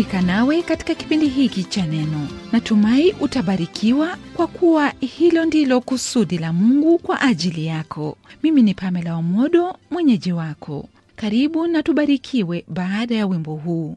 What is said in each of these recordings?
kujumuika nawe katika kipindi hiki cha neno. Natumai utabarikiwa kwa kuwa hilo ndilo kusudi la Mungu kwa ajili yako. Mimi ni Pamela Omodo, mwenyeji wako. Karibu na tubarikiwe baada ya wimbo huu.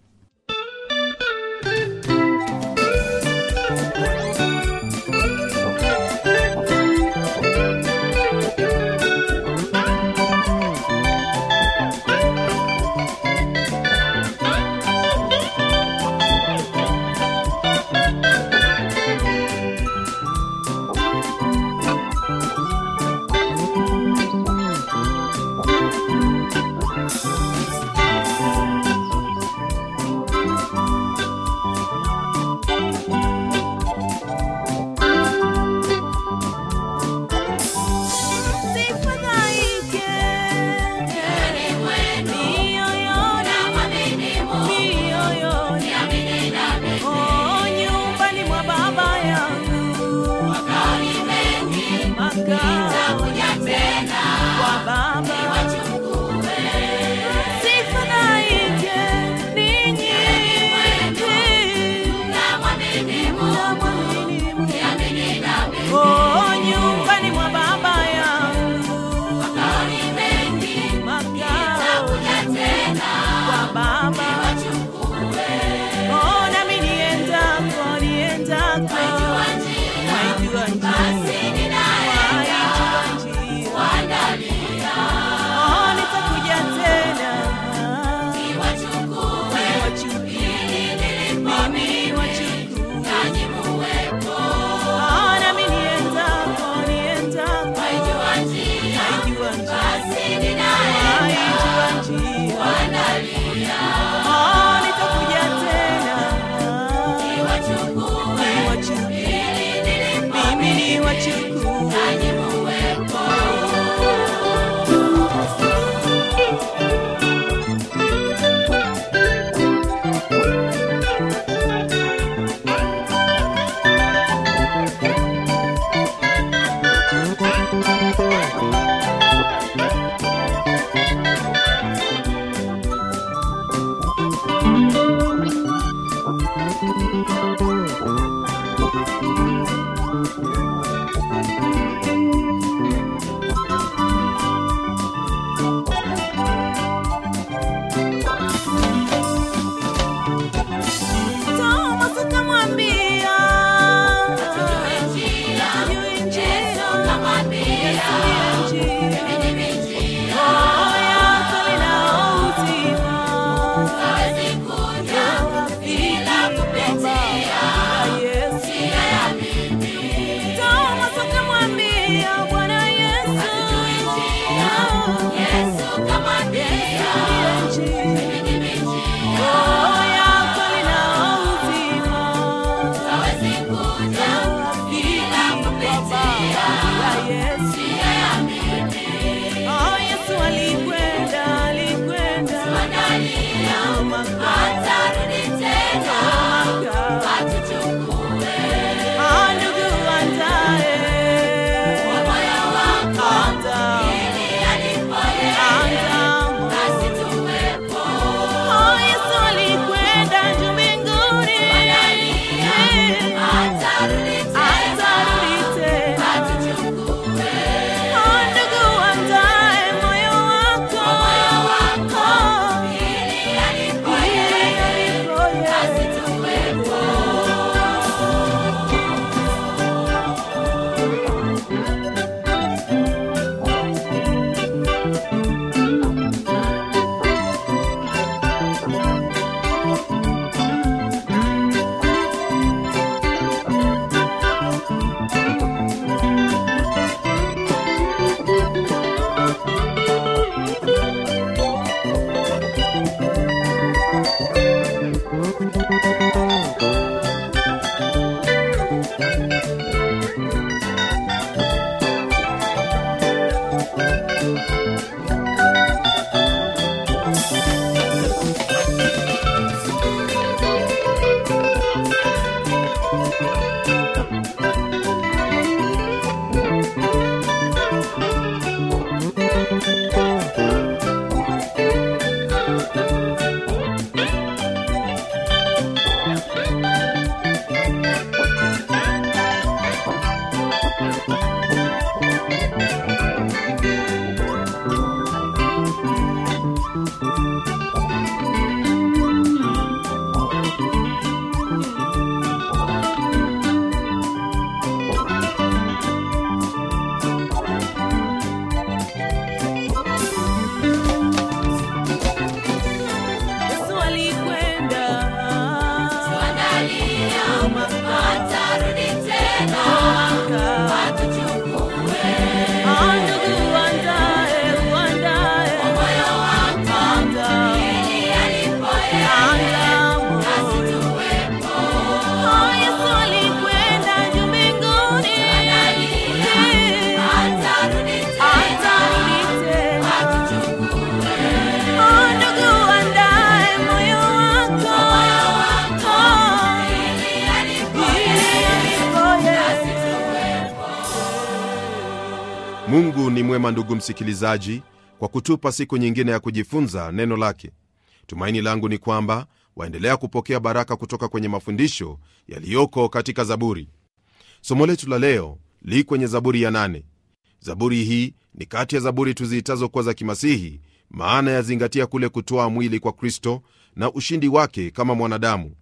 Mungu ni mwema, ndugu msikilizaji, kwa kutupa siku nyingine ya kujifunza neno lake. Tumaini langu ni kwamba waendelea kupokea baraka kutoka kwenye mafundisho yaliyoko katika Zaburi. Somo letu la leo li kwenye Zaburi ya nane. Zaburi hii ni kati ya zaburi tuziitazo kuwa za kimasihi, maana yazingatia kule kutoa mwili kwa Kristo na ushindi wake kama mwanadamu.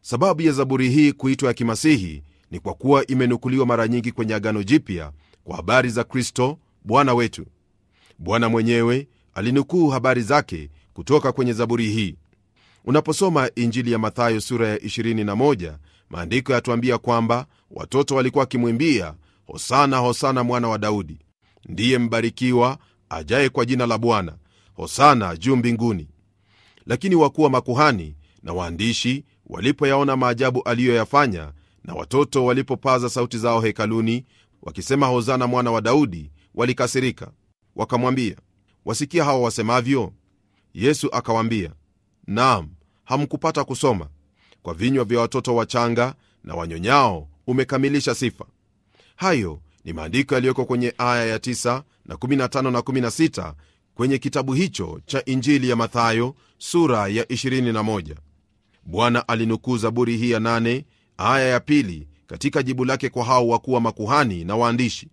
Sababu ya zaburi hii kuitwa ya kimasihi ni kwa kuwa imenukuliwa mara nyingi kwenye Agano Jipya kwa habari za Kristo Bwana wetu. Bwana mwenyewe alinukuu habari zake kutoka kwenye Zaburi hii. Unaposoma Injili ya Mathayo sura ya 21, maandiko yatuambia kwamba watoto walikuwa wakimwimbia hosana, hosana mwana wa Daudi, ndiye mbarikiwa ajaye kwa jina la Bwana, hosana juu mbinguni. Lakini wakuu wa makuhani na waandishi walipoyaona maajabu aliyoyafanya na watoto walipopaza sauti zao hekaluni wakisema hozana mwana wa Daudi, walikasirika wakamwambia, wasikia hawa wasemavyo? Yesu akawaambia, naam, hamkupata kusoma kwa vinywa vya watoto wachanga na wanyonyao umekamilisha sifa. Hayo ni maandiko yaliyoko kwenye aya ya 9 na 15 na 16 kwenye kitabu hicho cha Injili ya Mathayo sura ya 21. Bwana alinukuu Zaburi hii ya 8 aya ya pili katika jibu lake kwa hao wakuwa makuhani na waandishi.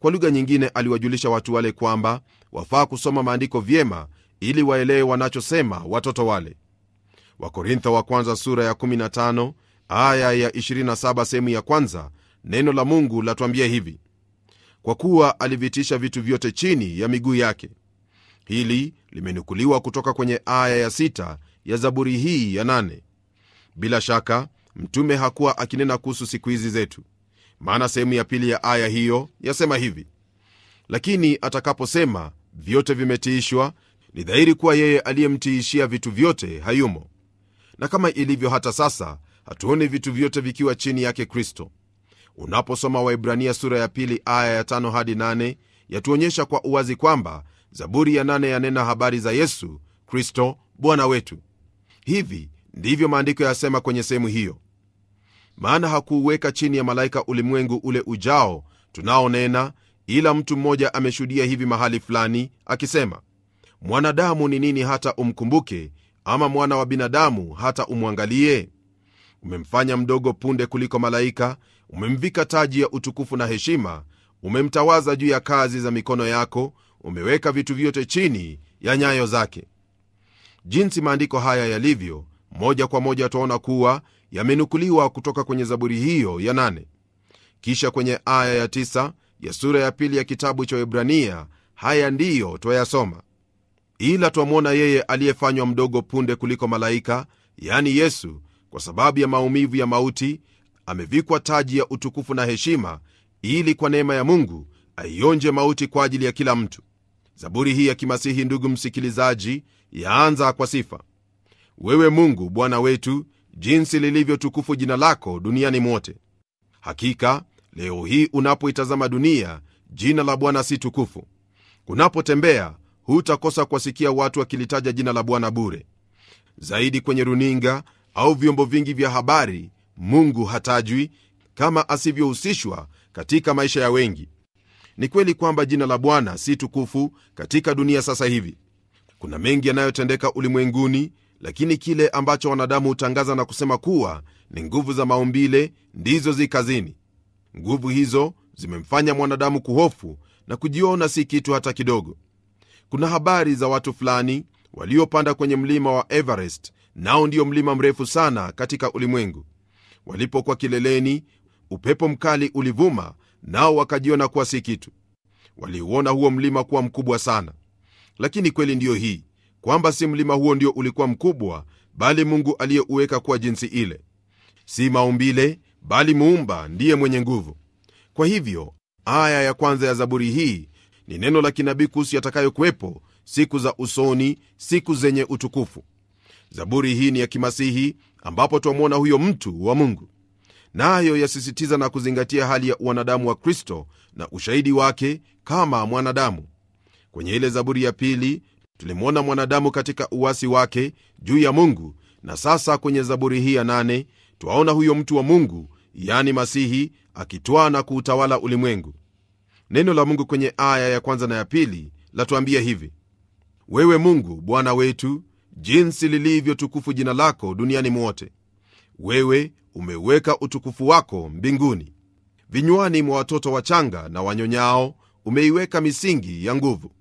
Kwa lugha nyingine, aliwajulisha watu wale kwamba wafaa kusoma maandiko vyema ili waelewe wanachosema watoto wale. Wakorintho wa kwanza sura ya 15 aya ya 27 sehemu ya kwanza, neno la Mungu latwambia hivi: kwa kuwa alivitisha vitu vyote chini ya miguu yake. Hili limenukuliwa kutoka kwenye aya ya 6 ya Zaburi hii ya 8. Bila shaka mtume hakuwa akinena kuhusu siku hizi zetu maana sehemu ya pili ya aya hiyo yasema hivi lakini atakaposema vyote vimetiishwa ni dhahiri kuwa yeye aliyemtiishia vitu vyote hayumo na kama ilivyo hata sasa hatuoni vitu vyote vikiwa chini yake kristo unaposoma waibrania sura ya pili aya ya tano hadi nane yatuonyesha kwa uwazi kwamba zaburi ya nane yanena habari za yesu kristo bwana wetu hivi ndivyo maandiko yasema kwenye sehemu hiyo maana hakuuweka chini ya malaika ulimwengu ule ujao tunaonena, ila mtu mmoja ameshuhudia hivi mahali fulani akisema, mwanadamu ni nini hata umkumbuke, ama mwana wa binadamu hata umwangalie? Umemfanya mdogo punde kuliko malaika, umemvika taji ya utukufu na heshima, umemtawaza juu ya kazi za mikono yako, umeweka vitu vyote chini ya nyayo zake. Jinsi maandiko haya yalivyo, moja kwa moja twaona kuwa yamenukuliwa kutoka kwenye Zaburi hiyo ya nane. Kisha kwenye aya ya tisa ya sura ya pili ya kitabu cha Waebrania haya ndiyo twayasoma: ila twamwona yeye aliyefanywa mdogo punde kuliko malaika, yani Yesu, kwa sababu ya maumivu ya mauti, amevikwa taji ya utukufu na heshima, ili kwa neema ya Mungu aionje mauti kwa ajili ya kila mtu. Zaburi hii ya kimasihi, ndugu msikilizaji, yaanza kwa sifa: wewe Mungu Bwana wetu jinsi lilivyo tukufu jina lako duniani mote Hakika leo hii unapoitazama dunia, jina la Bwana si tukufu. Unapotembea hutakosa kuwasikia watu wakilitaja jina la Bwana bure. Zaidi kwenye runinga au vyombo vingi vya habari, Mungu hatajwi kama asivyohusishwa katika maisha ya wengi. Ni kweli kwamba jina la Bwana si tukufu katika dunia sasa hivi. Kuna mengi yanayotendeka ulimwenguni lakini kile ambacho wanadamu hutangaza na kusema kuwa ni nguvu za maumbile ndizo zi kazini. Nguvu hizo zimemfanya mwanadamu kuhofu na kujiona si kitu hata kidogo. Kuna habari za watu fulani waliopanda kwenye mlima wa Everest, nao ndio mlima mrefu sana katika ulimwengu. Walipokuwa kileleni, upepo mkali ulivuma, nao wakajiona kuwa si kitu. Waliuona huo mlima kuwa mkubwa sana, lakini kweli ndiyo hii kwamba si mlima huo ndio ulikuwa mkubwa, bali Mungu aliyeuweka kuwa jinsi ile. Si maumbile, bali muumba ndiye mwenye nguvu. Kwa hivyo aya ya kwanza ya Zaburi hii ni neno la kinabii kuhusu yatakayokuwepo siku za usoni, siku zenye utukufu. Zaburi hii ni ya Kimasihi, ambapo twamwona huyo mtu wa Mungu, nayo na yasisitiza na kuzingatia hali ya wanadamu wa Kristo na ushahidi wake kama mwanadamu. Kwenye ile Zaburi ya pili tulimwona mwanadamu katika uwasi wake juu ya mungu na sasa kwenye zaburi hii ya nane twaona huyo mtu wa mungu yani masihi akitwaa na kuutawala ulimwengu neno la mungu kwenye aya ya kwanza na ya pili latuambia hivi wewe mungu bwana wetu jinsi lilivyo tukufu jina lako duniani mwote wewe umeweka utukufu wako mbinguni vinywani mwa watoto wachanga na wanyonyao umeiweka misingi ya nguvu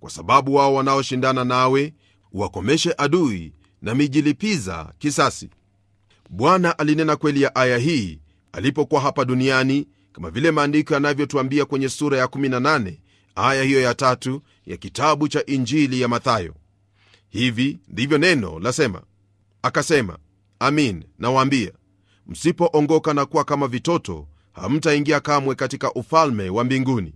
kwa sababu wao wanaoshindana nawe wakomeshe adui na mijilipiza kisasi bwana alinena kweli ya aya hii alipokuwa hapa duniani kama vile maandiko yanavyotuambia kwenye sura ya 18 aya hiyo ya tatu ya kitabu cha injili ya mathayo hivi ndivyo neno lasema akasema amin nawaambia msipoongoka na kuwa kama vitoto hamtaingia kamwe katika ufalme wa mbinguni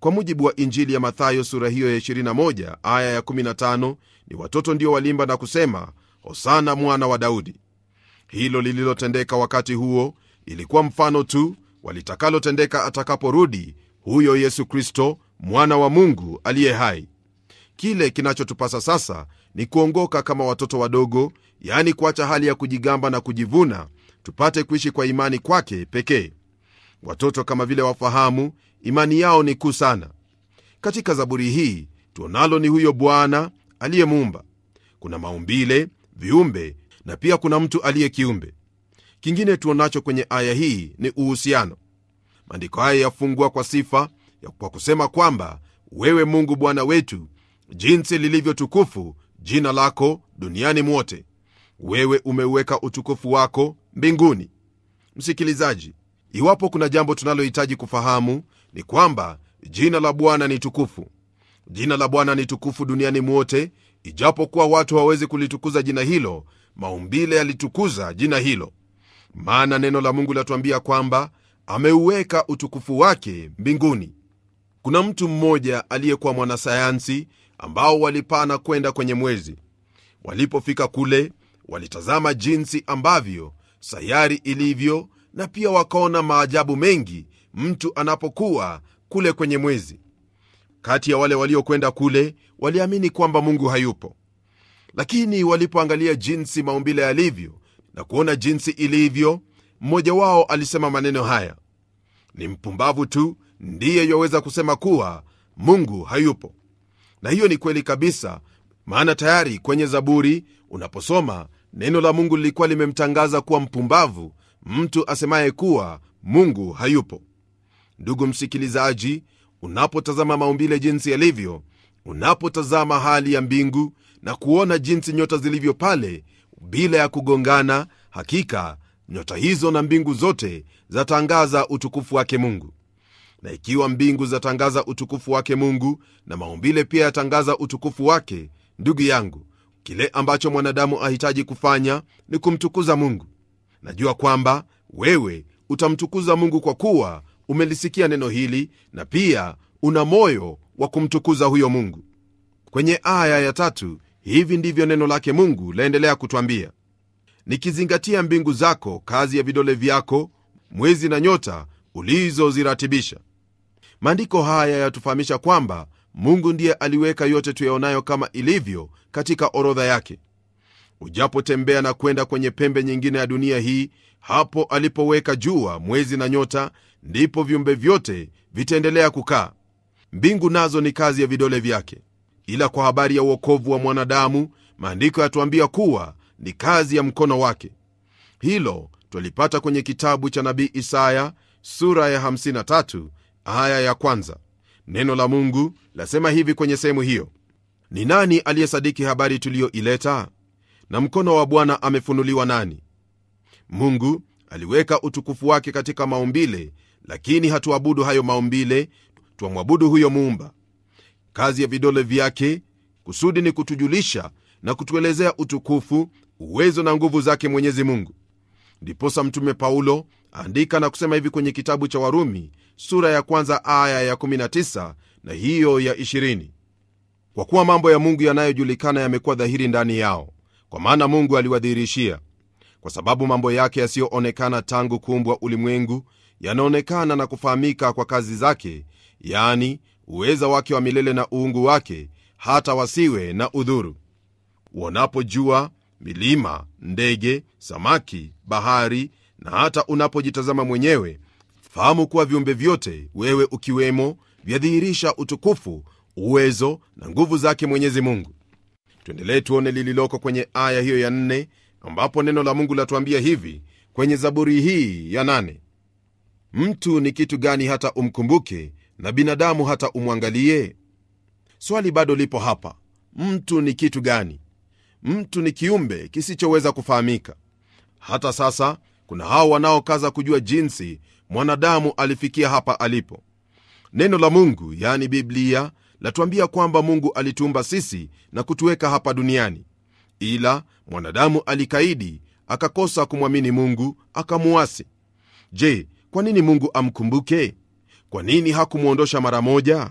kwa mujibu wa Injili ya Mathayo sura hiyo ya 21 aya ya 15, ni watoto ndio walimba na kusema hosana mwana wa Daudi. Hilo lililotendeka wakati huo ilikuwa mfano tu walitakalotendeka atakaporudi huyo Yesu Kristo mwana wa Mungu aliye hai. Kile kinachotupasa sasa ni kuongoka kama watoto wadogo, yani kuacha hali ya kujigamba na kujivuna, tupate kuishi kwa imani kwake pekee. Watoto kama vile wafahamu imani yao ni kuu sana. Katika Zaburi hii tuonalo ni huyo Bwana aliyemuumba. Kuna maumbile, viumbe na pia kuna mtu aliye kiumbe. Kingine tuonacho kwenye aya hii ni uhusiano. Maandiko haya yafungua kwa sifa ya kwa kusema kwamba wewe Mungu Bwana wetu, jinsi lilivyotukufu jina lako duniani mwote, wewe umeuweka utukufu wako mbinguni. Msikilizaji, iwapo kuna jambo tunalohitaji kufahamu ni kwamba jina la bwana ni tukufu jina la bwana ni tukufu duniani mwote ijapokuwa watu hawawezi kulitukuza jina hilo maumbile yalitukuza jina hilo maana neno la mungu latuambia kwamba ameuweka utukufu wake mbinguni kuna mtu mmoja aliyekuwa mwanasayansi ambao walipana kwenda kwenye mwezi walipofika kule walitazama jinsi ambavyo sayari ilivyo na pia wakaona maajabu mengi mtu anapokuwa kule kwenye mwezi. Kati ya wale waliokwenda kule waliamini kwamba Mungu hayupo, lakini walipoangalia jinsi maumbile yalivyo na kuona jinsi ilivyo, mmoja wao alisema maneno haya, ni mpumbavu tu ndiye yaweza kusema kuwa Mungu hayupo. Na hiyo ni kweli kabisa, maana tayari kwenye Zaburi unaposoma neno la Mungu lilikuwa limemtangaza kuwa mpumbavu mtu asemaye kuwa Mungu hayupo. Ndugu msikilizaji, unapotazama maumbile jinsi yalivyo, unapotazama hali ya mbingu na kuona jinsi nyota zilivyo pale bila ya kugongana, hakika nyota hizo na mbingu zote zatangaza utukufu wake Mungu. Na ikiwa mbingu zatangaza utukufu wake Mungu na maumbile pia yatangaza utukufu wake, ndugu yangu, kile ambacho mwanadamu ahitaji kufanya ni kumtukuza Mungu. Najua kwamba wewe utamtukuza Mungu kwa kuwa umelisikia neno hili na pia una moyo wa kumtukuza huyo Mungu. Kwenye aya ya tatu, hivi ndivyo neno lake Mungu laendelea kutwambia: nikizingatia mbingu zako, kazi ya vidole vyako, mwezi na nyota ulizoziratibisha. Maandiko haya yatufahamisha kwamba Mungu ndiye aliweka yote tuyaonayo kama ilivyo katika orodha yake. Ujapotembea na kwenda kwenye pembe nyingine ya dunia hii, hapo alipoweka jua, mwezi na nyota, ndipo viumbe vyote vitaendelea kukaa. Mbingu nazo ni kazi ya vidole vyake. Ila kwa habari ya uokovu wa mwanadamu, maandiko yatuambia kuwa ni kazi ya mkono wake. Hilo twalipata kwenye kitabu cha nabii Isaya sura ya 53 aya ya kwanza. Neno la Mungu lasema hivi kwenye sehemu hiyo: ni nani aliyesadiki habari tuliyoileta? na mkono wa Bwana amefunuliwa nani? Mungu aliweka utukufu wake katika maumbile, lakini hatuabudu hayo maumbile, twamwabudu huyo muumba. Kazi ya vidole vyake kusudi ni kutujulisha na kutuelezea utukufu, uwezo na nguvu zake Mwenyezi Mungu. Ndiposa Mtume Paulo andika na kusema hivi kwenye kitabu cha Warumi sura ya kwanza aya ya 19 na hiyo ya 20, kwa kuwa mambo ya Mungu yanayojulikana yamekuwa dhahiri ndani yao, kwa maana mungu aliwadhihirishia kwa sababu mambo yake yasiyoonekana tangu kuumbwa ulimwengu yanaonekana na kufahamika kwa kazi zake yani uweza wake wa milele na uungu wake hata wasiwe na udhuru wanapojua milima ndege samaki bahari na hata unapojitazama mwenyewe fahamu kuwa viumbe vyote wewe ukiwemo vyadhihirisha utukufu uwezo na nguvu zake mwenyezi mungu tuendelee tuone lililoko kwenye aya hiyo ya nne ambapo neno la mungu latuambia hivi kwenye zaburi hii ya nane mtu ni kitu gani hata umkumbuke na binadamu hata umwangalie swali bado lipo hapa mtu ni kitu gani mtu ni kiumbe kisichoweza kufahamika hata sasa kuna hao wanaokaza kujua jinsi mwanadamu alifikia hapa alipo neno la mungu yani biblia latuambia kwamba Mungu alituumba sisi na kutuweka hapa duniani, ila mwanadamu alikaidi, akakosa kumwamini Mungu, akamuasi. Je, kwa nini Mungu amkumbuke? Kwa nini hakumwondosha mara moja?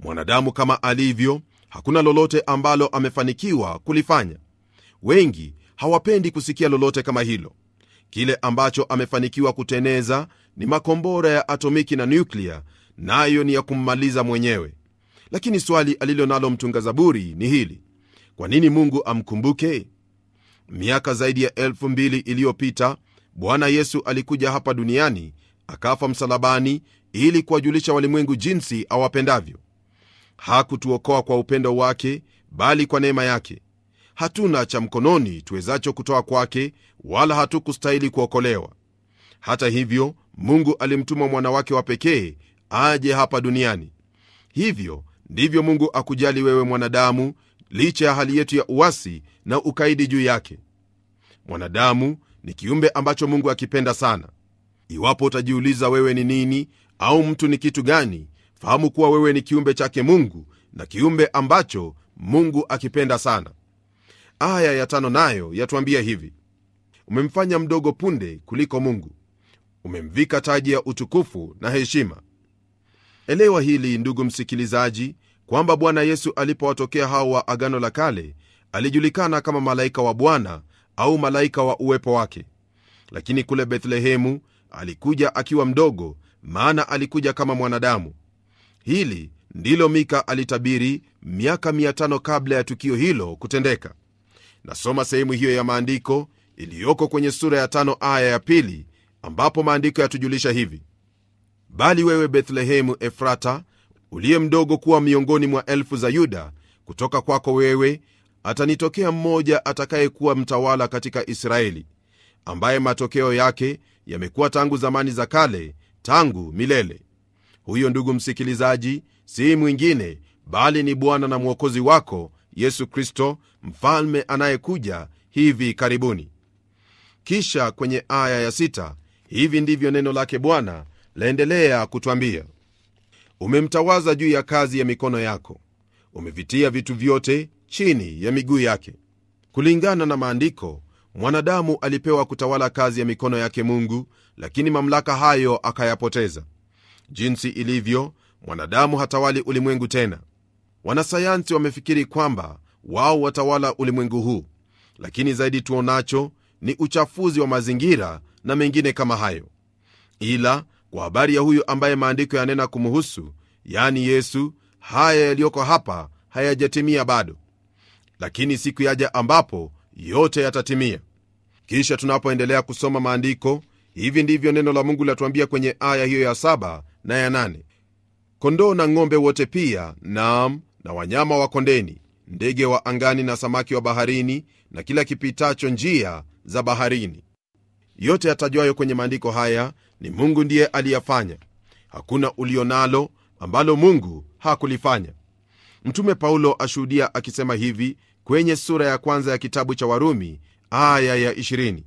Mwanadamu kama alivyo, hakuna lolote ambalo amefanikiwa kulifanya. Wengi hawapendi kusikia lolote kama hilo. Kile ambacho amefanikiwa kuteneza ni makombora ya atomiki na nyuklia, nayo ni ya kummaliza mwenyewe lakini swali alilo nalo mtunga zaburi ni hili kwa nini mungu amkumbuke miaka zaidi ya elfu mbili iliyopita bwana yesu alikuja hapa duniani akafa msalabani ili kuwajulisha walimwengu jinsi awapendavyo hakutuokoa kwa upendo wake bali kwa neema yake hatuna cha mkononi tuwezacho kutoa kwake wala hatukustahili kuokolewa hata hivyo mungu alimtuma mwanawake wa pekee aje hapa duniani hivyo ndivyo Mungu akujali wewe mwanadamu, licha ya hali yetu ya uwasi na ukaidi juu yake. Mwanadamu ni kiumbe ambacho Mungu akipenda sana. Iwapo utajiuliza wewe ni nini au mtu ni kitu gani, fahamu kuwa wewe ni kiumbe chake Mungu na kiumbe ambacho Mungu akipenda sana. Aya ya tano nayo yatuambia hivi: umemfanya mdogo punde kuliko Mungu, umemvika taji ya utukufu na heshima. Elewa hili ndugu msikilizaji, kwamba Bwana Yesu alipowatokea hao wa Agano la Kale alijulikana kama malaika wa Bwana au malaika wa uwepo wake, lakini kule Bethlehemu alikuja akiwa mdogo, maana alikuja kama mwanadamu. Hili ndilo Mika alitabiri miaka 5 kabla ya tukio hilo kutendeka. Nasoma sehemu hiyo ya maandiko iliyoko kwenye sura ya 5 aya ya pili ambapo maandiko yatujulisha hivi: bali wewe Bethlehemu Efrata, uliye mdogo kuwa miongoni mwa elfu za Yuda, kutoka kwako wewe atanitokea mmoja atakayekuwa mtawala katika Israeli, ambaye matokeo yake yamekuwa tangu zamani za kale, tangu milele. Huyo, ndugu msikilizaji, si mwingine bali ni Bwana na Mwokozi wako Yesu Kristo, mfalme anayekuja hivi karibuni. Kisha kwenye aya ya sita hivi ndivyo neno lake Bwana laendelea kutwambia Umemtawaza juu ya kazi ya mikono yako, umevitia vitu vyote chini ya miguu yake. Kulingana na maandiko, mwanadamu alipewa kutawala kazi ya mikono yake Mungu, lakini mamlaka hayo akayapoteza. Jinsi ilivyo, mwanadamu hatawali ulimwengu tena. Wanasayansi wamefikiri kwamba wao watawala ulimwengu huu, lakini zaidi tuonacho ni uchafuzi wa mazingira na mengine kama hayo, ila kwa habari ya huyu ambaye maandiko yanena kumuhusu, yani Yesu, haya yaliyoko hapa hayajatimia bado, lakini siku yaja ambapo yote yatatimia. Kisha tunapoendelea kusoma maandiko, hivi ndivyo neno la Mungu latuambia kwenye aya hiyo ya saba na ya nane: kondoo na ng'ombe wote pia, naam, na wanyama wa kondeni, ndege wa angani na samaki wa baharini, na kila kipitacho njia za baharini. Yote yatajwayo kwenye maandiko haya ni mungu ndiye aliyafanya hakuna ulio nalo ambalo mungu hakulifanya mtume paulo ashuhudia akisema hivi kwenye sura ya kwanza ya kitabu cha warumi aya ya 20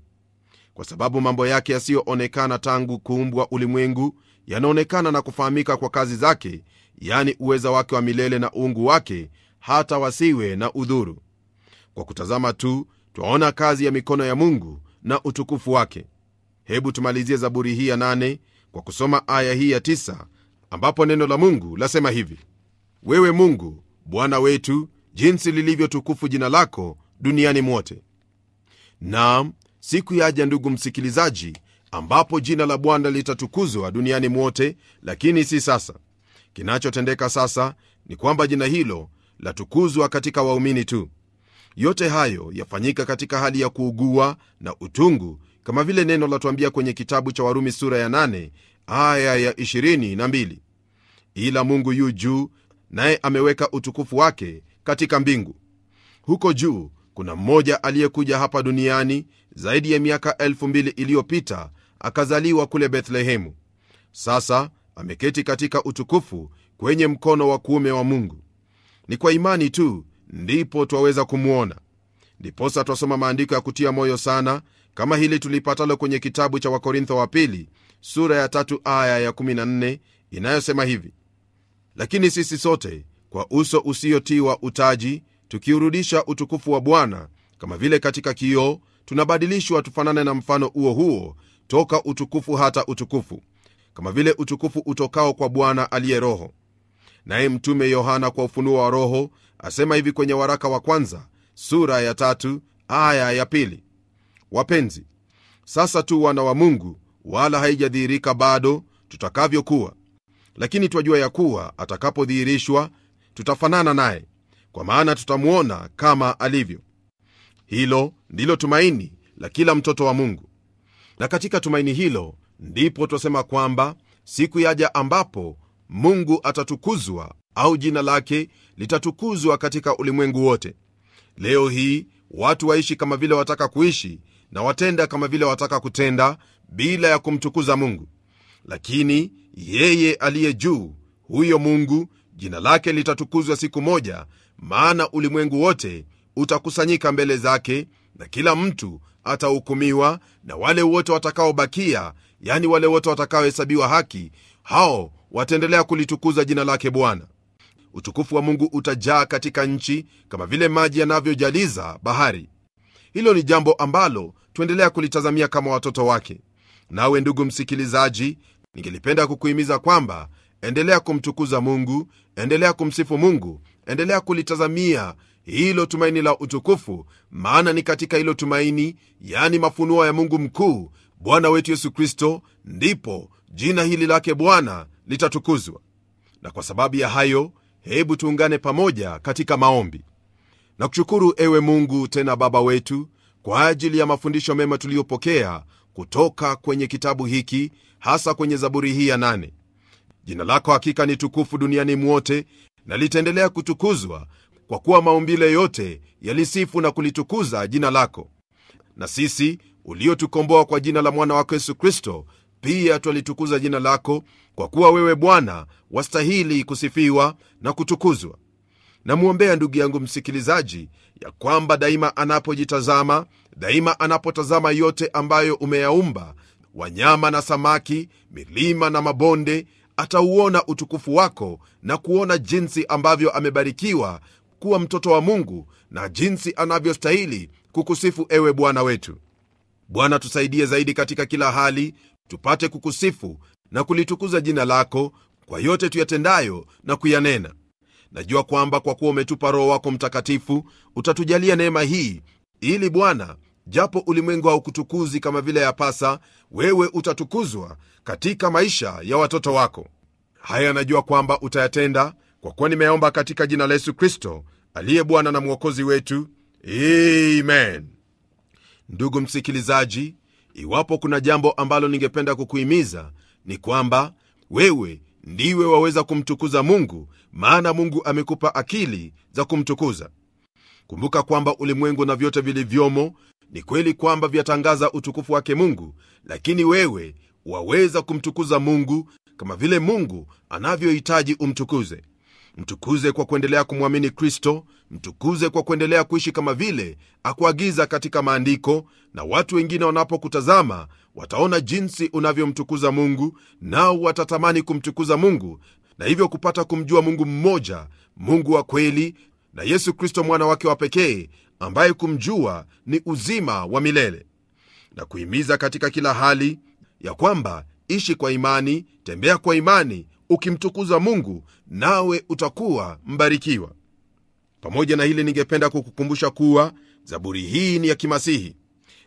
kwa sababu mambo yake yasiyoonekana tangu kuumbwa ulimwengu yanaonekana na kufahamika kwa kazi zake yani uweza wake wa milele na uungu wake hata wasiwe na udhuru kwa kutazama tu twaona kazi ya mikono ya mungu na utukufu wake hebu tumalizie zaburi hii ya nane kwa kusoma aya hii ya tisa ambapo neno la mungu lasema hivi wewe mungu bwana wetu jinsi lilivyotukufu jina lako duniani mwote na siku yaja ndugu msikilizaji ambapo jina la bwana litatukuzwa duniani mwote lakini si sasa kinachotendeka sasa ni kwamba jina hilo latukuzwa katika waumini tu yote hayo yafanyika katika hali ya kuugua na utungu kama vile neno latuambia kwenye kitabu cha Warumi sura ya 8 aya ya 22, ila Mungu yu juu, naye ameweka utukufu wake katika mbingu. Huko juu kuna mmoja aliyekuja hapa duniani zaidi ya miaka elfu mbili iliyopita, akazaliwa kule Bethlehemu. Sasa ameketi katika utukufu kwenye mkono wa kuume wa Mungu. Ni kwa imani tu ndipo twaweza kumwona. Ndiposa twasoma maandiko ya kutia moyo sana kama hili tulipatalo kwenye kitabu cha wakorintho wa pili sura ya tatu aya ya 14 inayosema hivi lakini sisi sote kwa uso usiotiwa utaji tukiurudisha utukufu wa bwana kama vile katika kioo tunabadilishwa tufanane na mfano uo huo toka utukufu hata utukufu kama vile utukufu utokao kwa bwana aliye roho naye mtume yohana kwa ufunuo wa roho asema hivi kwenye waraka wa kwanza sura ya tatu aya ya pili wapenzi sasa tu wana wa mungu wala haijadhihirika bado tutakavyokuwa lakini twajua ya kuwa atakapodhihirishwa tutafanana naye kwa maana tutamwona kama alivyo hilo ndilo tumaini la kila mtoto wa mungu na katika tumaini hilo ndipo twasema kwamba siku yaja ambapo mungu atatukuzwa au jina lake litatukuzwa katika ulimwengu wote leo hii watu waishi kama vile wataka kuishi na watenda kama vile wataka kutenda bila ya kumtukuza mungu lakini yeye aliye juu huyo mungu jina lake litatukuzwa siku moja maana ulimwengu wote utakusanyika mbele zake na kila mtu atahukumiwa na wale wote watakaobakia yani wale wote watakaohesabiwa haki hao wataendelea kulitukuza jina lake bwana utukufu wa mungu utajaa katika nchi kama vile maji yanavyojaliza bahari hilo ni jambo ambalo tuendelea kulitazamia kama watoto wake. Nawe ndugu msikilizaji, ningelipenda kukuhimiza kwamba endelea kumtukuza Mungu, endelea kumsifu Mungu, endelea kulitazamia hilo tumaini la utukufu, maana ni katika hilo tumaini, yani mafunuo ya Mungu mkuu, Bwana wetu Yesu Kristo, ndipo jina hili lake Bwana litatukuzwa. Na kwa sababu ya hayo, hebu tuungane pamoja katika maombi. Nakushukuru ewe Mungu, tena Baba wetu, kwa ajili ya mafundisho mema tuliyopokea kutoka kwenye kitabu hiki, hasa kwenye Zaburi hii ya nane. Jina lako hakika ni tukufu duniani mwote, na litaendelea kutukuzwa kwa kuwa maumbile yote yalisifu na kulitukuza jina lako. Na sisi uliotukomboa kwa jina la mwana wako Yesu Kristo, pia twalitukuza jina lako, kwa kuwa wewe Bwana wastahili kusifiwa na kutukuzwa namwombea ndugu yangu msikilizaji ya kwamba daima anapojitazama daima anapotazama yote ambayo umeyaumba wanyama na samaki milima na mabonde atauona utukufu wako na kuona jinsi ambavyo amebarikiwa kuwa mtoto wa mungu na jinsi anavyostahili kukusifu ewe bwana wetu bwana tusaidie zaidi katika kila hali tupate kukusifu na kulitukuza jina lako kwa yote tuyatendayo na kuyanena najua kwamba kwa kuwa umetupa Roho wako Mtakatifu, utatujalia neema hii, ili Bwana, japo ulimwengu haukutukuzi kama vile yapasa, wewe utatukuzwa katika maisha ya watoto wako. Haya najua kwamba utayatenda, kwa kuwa nimeomba katika jina la Yesu Kristo aliye Bwana na Mwokozi wetu, men Ndugu msikilizaji, iwapo kuna jambo ambalo ningependa kukuhimiza ni kwamba wewe ndiwe waweza kumtukuza mungu maana mungu amekupa akili za kumtukuza kumbuka kwamba ulimwengu na vyote vilivyomo ni kweli kwamba vyatangaza utukufu wake mungu lakini wewe waweza kumtukuza mungu kama vile mungu anavyohitaji umtukuze mtukuze kwa kuendelea kumwamini kristo mtukuze kwa kuendelea kuishi kama vile akuagiza katika maandiko na watu wengine wanapokutazama wataona jinsi unavyomtukuza mungu nao watatamani kumtukuza mungu na hivyo kupata kumjua mungu mmoja mungu wa kweli na yesu kristo mwana wake wa pekee ambaye kumjua ni uzima wa milele na kuhimiza katika kila hali ya kwamba ishi kwa imani tembea kwa imani ukimtukuza mungu nawe utakuwa mbarikiwa pamoja na hili ningependa kukukumbusha kuwa zaburi hii ni ya kimasihi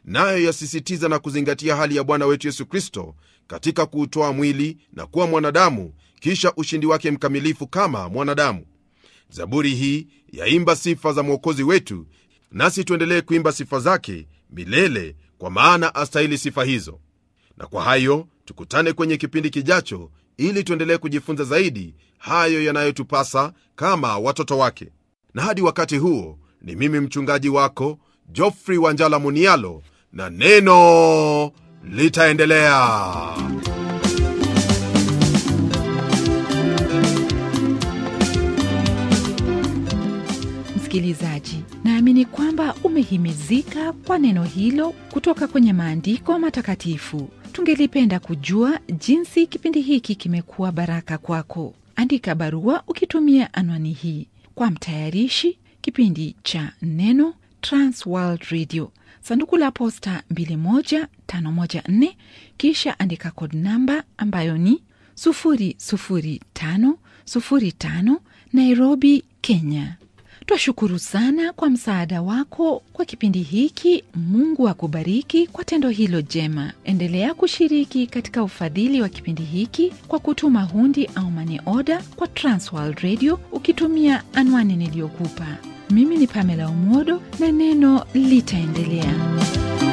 nayo yasisitiza na kuzingatia hali ya Bwana wetu Yesu Kristo katika kuutoa mwili na kuwa mwanadamu, kisha ushindi wake mkamilifu kama mwanadamu. Zaburi hii yaimba sifa za Mwokozi wetu, nasi tuendelee kuimba sifa zake milele, kwa maana astahili sifa hizo. Na kwa hayo tukutane kwenye kipindi kijacho, ili tuendelee kujifunza zaidi hayo yanayotupasa kama watoto wake. Na hadi wakati huo, ni mimi mchungaji wako Jofri Wanjala Munialo na neno litaendelea. Msikilizaji, naamini kwamba umehimizika kwa neno hilo kutoka kwenye maandiko matakatifu. Tungelipenda kujua jinsi kipindi hiki kimekuwa baraka kwako. Andika barua ukitumia anwani hii kwa mtayarishi kipindi cha Neno, Transworld Radio sanduku la posta 21514 kisha andika cod namba ambayo ni 55 Nairobi, Kenya. Twashukuru sana kwa msaada wako kwa kipindi hiki. Mungu akubariki kwa tendo hilo jema. Endelea kushiriki katika ufadhili wa kipindi hiki kwa kutuma hundi au mane oda kwa Transworld Radio ukitumia anwani niliyokupa. Mimi ni Pamela Umodo na neno litaendelea.